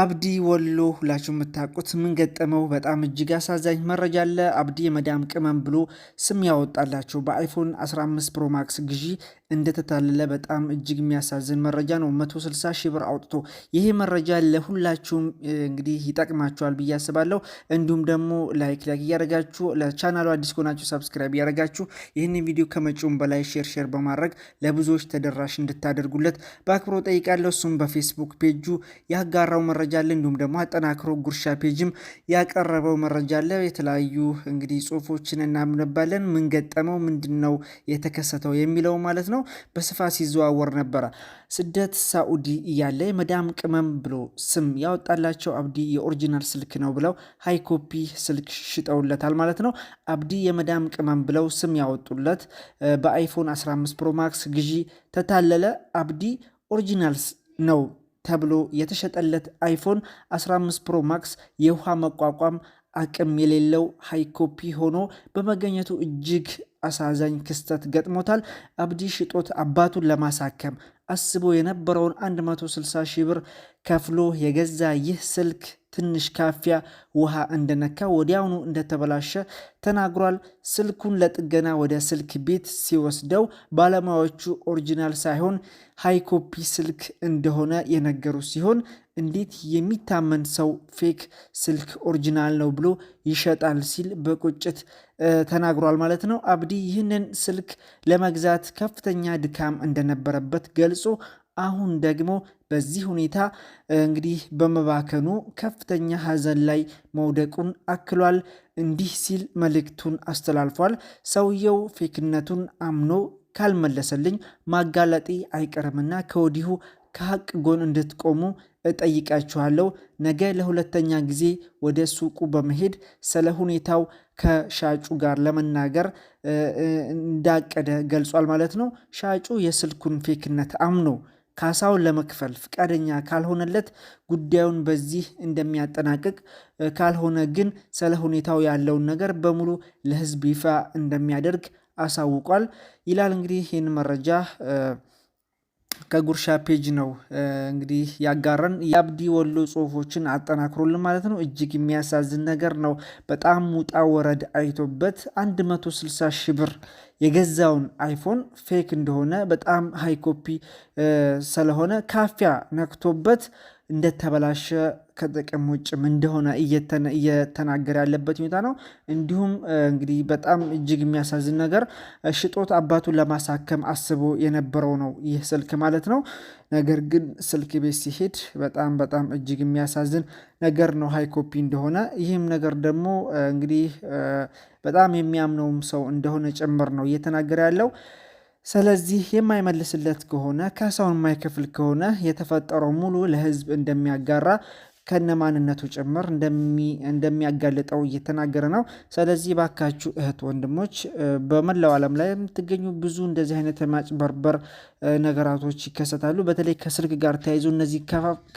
አብዲ ወሎ ሁላችሁ የምታውቁት ምን ገጠመው? በጣም እጅግ አሳዛኝ መረጃ አለ። አብዲ የመዳም ቅመም ብሎ ስም ያወጣላቸው በአይፎን 15 ፕሮ ማክስ ግዢ እንደተታለለ በጣም እጅግ የሚያሳዝን መረጃ ነው። 160 ሺህ ብር አውጥቶ ይሄ መረጃ ለሁላችሁም እንግዲህ ይጠቅማችኋል ብዬ አስባለሁ። እንዲሁም ደግሞ ላይክ ላይክ እያደረጋችሁ ለቻናሉ አዲስ ከሆናችሁ ሰብስክራይብ እያደረጋችሁ ይህን ቪዲዮ ከመጪውም በላይ ሼር ሼር በማድረግ ለብዙዎች ተደራሽ እንድታደርጉለት በአክብሮ ጠይቃለሁ። እሱም በፌስቡክ ፔጁ ያጋራው መረጃ መረጃ አለ። እንዲሁም ደግሞ አጠናክሮ ጉርሻ ፔጅም ያቀረበው መረጃ አለ። የተለያዩ እንግዲህ ጽሁፎችን እናምነባለን። ምን ገጠመው፣ ምንድን ነው የተከሰተው የሚለው ማለት ነው። በስፋት ሲዘዋወር ነበረ። ስደት ሳኡዲ እያለ የመዳም ቅመም ብሎ ስም ያወጣላቸው አብዲ የኦሪጂናል ስልክ ነው ብለው ሃይ ኮፒ ስልክ ሽጠውለታል ማለት ነው። አብዲ የመዳም ቅመም ብለው ስም ያወጡለት በአይፎን 15 ፕሮ ማክስ ግዢ ተታለለ። አብዲ ኦሪጂናልስ ነው ተብሎ የተሸጠለት አይፎን 15 ፕሮ ማክስ የውሃ መቋቋም አቅም የሌለው ሃይኮፒ ሆኖ በመገኘቱ እጅግ አሳዛኝ ክስተት ገጥሞታል። አብዲ ሽጦት አባቱን ለማሳከም አስቦ የነበረውን 160 ሺህ ብር ከፍሎ የገዛ ይህ ስልክ ትንሽ ካፊያ ውሃ እንደነካ ወዲያውኑ እንደተበላሸ ተናግሯል። ስልኩን ለጥገና ወደ ስልክ ቤት ሲወስደው ባለሙያዎቹ ኦሪጂናል ሳይሆን ሃይኮፒ ስልክ እንደሆነ የነገሩ ሲሆን እንዴት የሚታመን ሰው ፌክ ስልክ ኦሪጂናል ነው ብሎ ይሸጣል ሲል በቁጭት ተናግሯል ማለት ነው። አብዲ ይህንን ስልክ ለመግዛት ከፍተኛ ድካም እንደነበረበት ገልጾ አሁን ደግሞ በዚህ ሁኔታ እንግዲህ በመባከኑ ከፍተኛ ሐዘን ላይ መውደቁን አክሏል። እንዲህ ሲል መልእክቱን አስተላልፏል። ሰውየው ፌክነቱን አምኖ ካልመለሰልኝ ማጋለጤ አይቀርምና ከወዲሁ ከሀቅ ጎን እንድትቆሙ እጠይቃችኋለሁ። ነገ ለሁለተኛ ጊዜ ወደ ሱቁ በመሄድ ስለ ሁኔታው ከሻጩ ጋር ለመናገር እንዳቀደ ገልጿል ማለት ነው። ሻጩ የስልኩን ፌክነት አምኖ ካሳውን ለመክፈል ፈቃደኛ ካልሆነለት ጉዳዩን በዚህ እንደሚያጠናቅቅ ካልሆነ ግን ስለ ሁኔታው ያለውን ነገር በሙሉ ለሕዝብ ይፋ እንደሚያደርግ አሳውቋል ይላል። እንግዲህ ይህን መረጃ ከጉርሻ ፔጅ ነው እንግዲህ ያጋረን የአብዲ ወሎ ጽሁፎችን አጠናክሮልን ማለት ነው። እጅግ የሚያሳዝን ነገር ነው። በጣም ውጣ ወረድ አይቶበት 160 ሺ ብር የገዛውን አይፎን ፌክ እንደሆነ በጣም ሃይ ኮፒ ስለሆነ ካፊያ ነክቶበት እንደተበላሸ ከጥቅም ውጭም እንደሆነ እየተናገረ ያለበት ሁኔታ ነው። እንዲሁም እንግዲህ በጣም እጅግ የሚያሳዝን ነገር ሽጦት አባቱን ለማሳከም አስቦ የነበረው ነው ይህ ስልክ ማለት ነው። ነገር ግን ስልክ ቤት ሲሄድ በጣም በጣም እጅግ የሚያሳዝን ነገር ነው፣ ሀይ ኮፒ እንደሆነ ይህም ነገር ደግሞ እንግዲህ በጣም የሚያምነውም ሰው እንደሆነ ጭምር ነው እየተናገረ ያለው። ስለዚህ የማይመልስለት ከሆነ ካሳውን የማይከፍል ከሆነ የተፈጠረው ሙሉ ለህዝብ እንደሚያጋራ ከነማንነቱ ጭምር እንደሚያጋልጠው እየተናገረ ነው። ስለዚህ ባካችሁ እህት ወንድሞች፣ በመላው ዓለም ላይ የምትገኙ ብዙ እንደዚህ አይነት ማጭበርበር ነገራቶች ይከሰታሉ። በተለይ ከስልክ ጋር ተያይዞ እነዚህ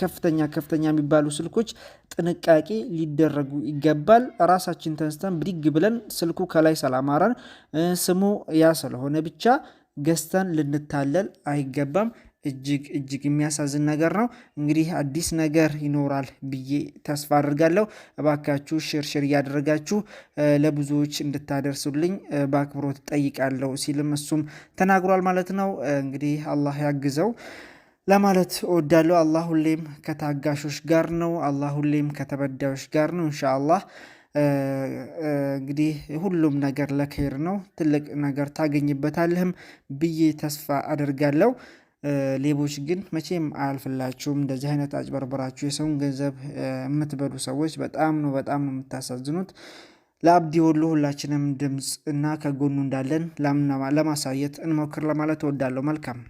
ከፍተኛ ከፍተኛ የሚባሉ ስልኮች ጥንቃቄ ሊደረጉ ይገባል። ራሳችን ተንስተን ብድግ ብለን ስልኩ ከላይ ሰላማረን ስሙ ያ ስለሆነ ብቻ ገዝተን ልንታለል አይገባም። እጅግ እጅግ የሚያሳዝን ነገር ነው። እንግዲህ አዲስ ነገር ይኖራል ብዬ ተስፋ አድርጋለሁ። እባካችሁ ሽርሽር እያደረጋችሁ ለብዙዎች እንድታደርሱልኝ በአክብሮት ጠይቃለሁ ሲልም እሱም ተናግሯል ማለት ነው። እንግዲህ አላህ ያግዘው ለማለት እወዳለሁ። አላህ ሁሌም ከታጋሾች ጋር ነው። አላህ ሁሌም ከተበዳዮች ጋር ነው። እንሻ አላህ እንግዲህ ሁሉም ነገር ለከይር ነው። ትልቅ ነገር ታገኝበታለህም ብዬ ተስፋ አደርጋለሁ። ሌቦች ግን መቼም አያልፍላችሁም። እንደዚህ አይነት አጭበርበራችሁ የሰውን ገንዘብ የምትበሉ ሰዎች በጣም ነው በጣም ነው የምታሳዝኑት። ለአብዲ ወሎ ሁላችንም ድምፅ እና ከጎኑ እንዳለን ለማሳየት እንሞክር ለማለት እወዳለሁ። መልካም